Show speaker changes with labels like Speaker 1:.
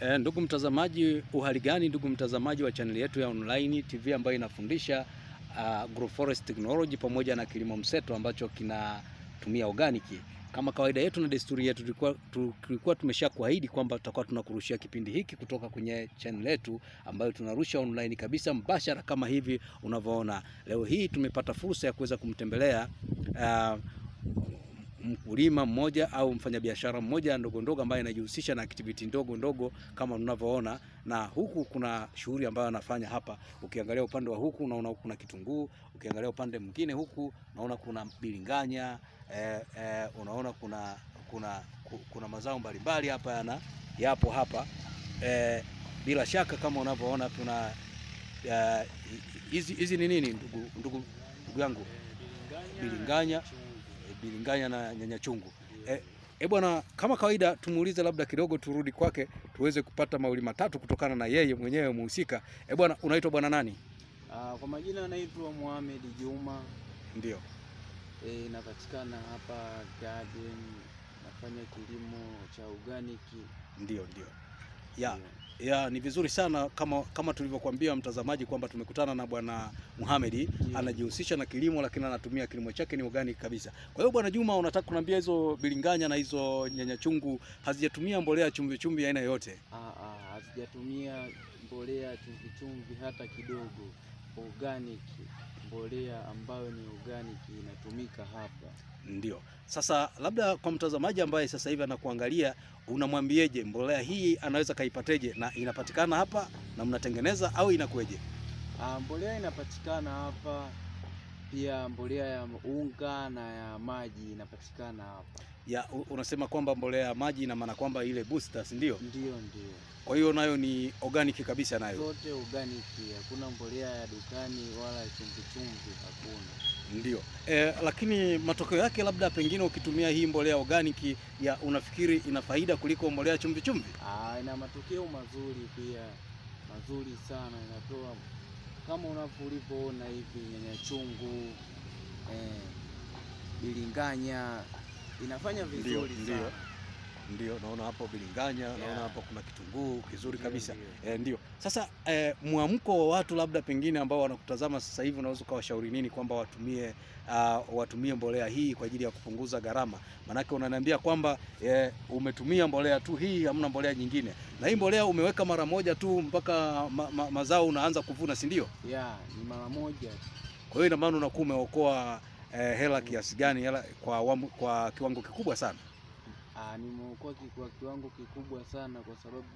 Speaker 1: E, ndugu mtazamaji, uhali gani ndugu mtazamaji wa chaneli yetu ya online TV ambayo inafundisha uh, ah, agroforest technology pamoja na kilimo mseto ambacho kinatumia organic. Kama kawaida yetu na desturi yetu, tulikuwa tumeshakuahidi kwamba tutakuwa tunakurushia kipindi hiki kutoka kwenye channel yetu ambayo tunarusha online kabisa mbashara kama hivi unavyoona. Leo hii tumepata fursa ya kuweza kumtembelea uh, mkulima mmoja au mfanyabiashara mmoja ndogo ndogo ambaye anajihusisha na activity ndogo ndogo kama tunavyoona, na huku kuna shughuli ambayo anafanya hapa. Ukiangalia upande wa huku unaona kuna kitunguu, ukiangalia upande mwingine huku unaona kuna bilinganya eh, eh, unaona kuna kuna kuna mazao mbalimbali hapa yana yapo hapa eh, bila shaka kama unavyoona tuna eh, hizi eh, hizi ni nini ndugu ndugu yangu
Speaker 2: biringanya.
Speaker 1: Eh, bilinganya na nyanya chungu. E, eh, e eh, bwana, kama kawaida tumuulize labda kidogo, turudi kwake tuweze kupata mauli matatu kutokana na yeye mwenyewe muhusika. E bwana, unaitwa bwana nani?
Speaker 2: Aa, ah, kwa majina anaitwa Mohamed Juma. Ndio. E, napatikana hapa garden, nafanya kilimo cha organic.
Speaker 1: Ndio, ndio ya, ya, ni vizuri sana kama, kama tulivyokuambia mtazamaji kwamba tumekutana na Bwana yeah. anajihusisha na kilimo lakini anatumia kilimo chake ni organic kabisa. Kwa hiyo Bwana Juma, unataka kuniambia hizo bilinganya na hizo nyanya chungu hazijatumia mbolea chumvi chumvi aina yoyote?
Speaker 2: Ah, ah, hazijatumia mbolea chumvi chumvi hata kidogo, organic mbolea ambayo ni organic inatumika hapa.
Speaker 1: Ndio. Sasa labda kwa mtazamaji ambaye sasa hivi anakuangalia, unamwambieje mbolea hii anaweza kaipateje na inapatikana hapa na mnatengeneza au inakueje?
Speaker 2: Ah, mbolea inapatikana hapa pia, mbolea ya unga na ya maji inapatikana hapa
Speaker 1: ya unasema kwamba mbolea ya maji, ina maana kwamba ile booster, si ndio?
Speaker 2: Ndio, ndio.
Speaker 1: Kwa hiyo nayo ni organic kabisa, nayo
Speaker 2: zote organic, hakuna mbolea ya dukani wala chumvi, hakuna.
Speaker 1: Ndio eh, lakini matokeo yake labda pengine ukitumia hii mbolea organic ya unafikiri ina faida kuliko mbolea chumvi chumvi?
Speaker 2: Ah, ina matokeo mazuri pia, mazuri sana. Inatoa kama unavyoona hivi nyanya chungu eh, bilinganya inafanya vizuri sana.
Speaker 1: Ndio naona hapo bilinganya yeah. Naona hapo kuna kitunguu kizuri kabisa ndio, eh, ndio. sasa e, mwamko wa watu labda pengine ambao wanakutazama sasa hivi unaweza ukawashauri nini kwamba watumie uh, watumie mbolea hii kwa ajili ya kupunguza gharama? Maanake unaniambia kwamba e, umetumia mbolea tu hii, hamna mbolea nyingine, na hii mbolea umeweka mara moja tu mpaka ma, ma, mazao unaanza kuvuna, si ndio?
Speaker 2: Yeah, ni mara moja.
Speaker 1: Kwa hiyo ina maana unakuwa umeokoa eh, hela kiasi gani? Hela kwa, wamu, kwa kiwango kikubwa sana.
Speaker 2: Aa, ah, nimeokoa kwa kiwango kikubwa sana kwa sababu